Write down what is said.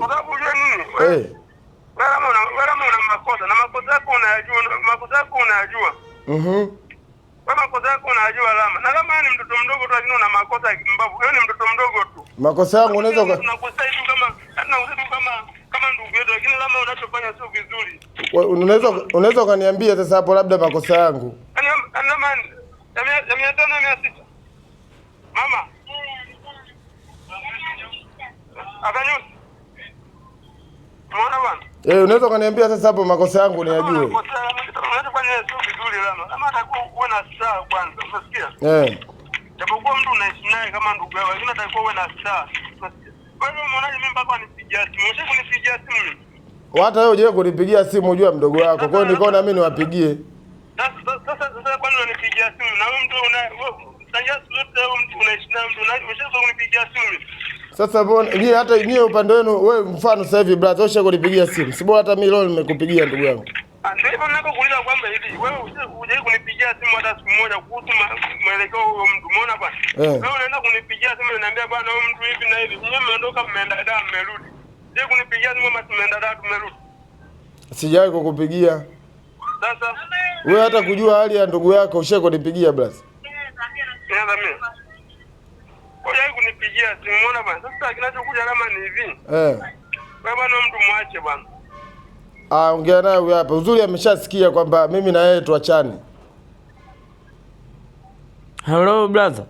sababu nini? kama eh. una makosa na makosa yako unayajua, makosa yako unayajua. Mhm. makosa yako unayajua alama. Na kama ni mtoto mdogo tu lakini una makosa ya kimbavu. Wewe ni mtoto mdogo tu. Makosa yangu unaweza kama kama ndugu yetu lakini unachofanya sio vizuri. Unaweza unaweza ukaniambia sasa hapo labda makosa yangu. mia tano mia sita. Mama. Akanyusi. Eh, unaweza ukaniambia sasa hapo makosa yangu ni yajue. unaweza kufanya vizuri Kama atakuwa na saa kwanza, unasikia? Eh. Japokuwa mtu unaishi naye kama ndugu yako, lakini atakuwa uwe na saa. Kwa hiyo unaona mimi mpaka nipigia simu? Ushe kunipigia simu. Hata wewe unajua kunipigia simu unajua mdogo wako. Kwa hiyo nikaona mimi niwapigie. Sasa sasa sasa kwa nini unanipigia simu na wewe mtu una sasa sasa mtu unaishi naye mtu unaishi kunipigia simu. Sasa bwana, mimi hata mimi upande wenu wewe mfano sasa hivi brother osha kunipigia simu. Si bora hata mimi leo nimekupigia ndugu yangu. Ah, Ndipo hivyo ninapokuuliza kwamba hivi wewe hujai kunipigia simu hata siku moja kuhusu mwelekeo huyo mtu umeona bwana. Eh. Wewe unaenda kunipigia simu unaniambia bwana huyo mtu hivi na hivi. Mimi mmeondoka mmeenda da mmerudi. Je, kunipigia simu mama tumeenda da tumerudi. Sijawahi kukupigia. Sasa wewe hata kujua hali ya ndugu yako ushae kunipigia brother. Sasa mimi. Ngoja kunipigia simu umeona bwana. Sasa kinachokuja kama ni hivi. Eh. mtu mwache bwana. Ah, ongea naye hapa. Uzuri ameshasikia kwamba mimi na yeye tuachane. Hello brother.